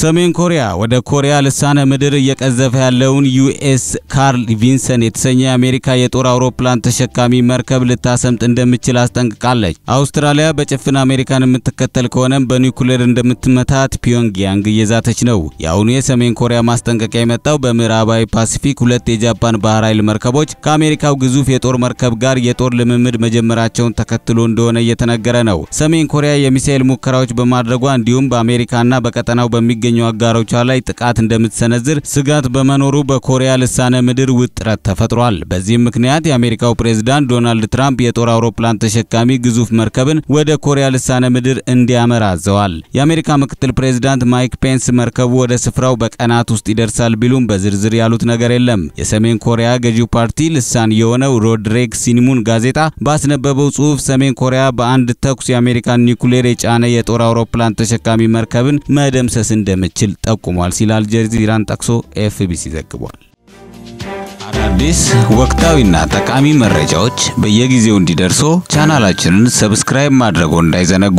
ሰሜን ኮሪያ ወደ ኮሪያ ልሳነ ምድር እየቀዘፈ ያለውን ዩኤስ ካርል ቪንሰን የተሰኘ የአሜሪካ የጦር አውሮፕላን ተሸካሚ መርከብ ልታሰምጥ እንደምችል አስጠንቅቃለች። አውስትራሊያ በጭፍን አሜሪካን የምትከተል ከሆነም በኒውክሌር እንደምትመታት ፒዮንግያንግ እየዛተች ነው። የአሁኑ የሰሜን ኮሪያ ማስጠንቀቂያ የመጣው በምዕራባዊ ፓሲፊክ ሁለት የጃፓን ባህር ኃይል መርከቦች ከአሜሪካው ግዙፍ የጦር መርከብ ጋር የጦር ልምምድ መጀመራቸውን ተከትሎ እንደሆነ እየተነገረ ነው። ሰሜን ኮሪያ የሚሳኤል ሙከራዎች በማድረጓ እንዲሁም በአሜሪካና በቀጠናው በሚ በሚገኙ አጋሮቿ ላይ ጥቃት እንደምትሰነዝር ስጋት በመኖሩ በኮሪያ ልሳነ ምድር ውጥረት ተፈጥሯል። በዚህም ምክንያት የአሜሪካው ፕሬዝዳንት ዶናልድ ትራምፕ የጦር አውሮፕላን ተሸካሚ ግዙፍ መርከብን ወደ ኮሪያ ልሳነ ምድር እንዲያመራ አዘዋል። የአሜሪካ ምክትል ፕሬዝዳንት ማይክ ፔንስ መርከቡ ወደ ስፍራው በቀናት ውስጥ ይደርሳል ቢሉም በዝርዝር ያሉት ነገር የለም። የሰሜን ኮሪያ ገዢው ፓርቲ ልሳን የሆነው ሮድሬግ ሲኒሙን ጋዜጣ ባስነበበው ጽሑፍ ሰሜን ኮሪያ በአንድ ተኩስ የአሜሪካን ኒውክሌር የጫነ የጦር አውሮፕላን ተሸካሚ መርከብን መደምሰስ እንደምችል ጠቁሟል ሲል አልጀዚራን ጠቅሶ ኤፍቢሲ ዘግቧል። አዳዲስ ወቅታዊና ጠቃሚ መረጃዎች በየጊዜው እንዲደርሶ ቻናላችንን ሰብስክራይብ ማድረጎ እንዳይዘነጉ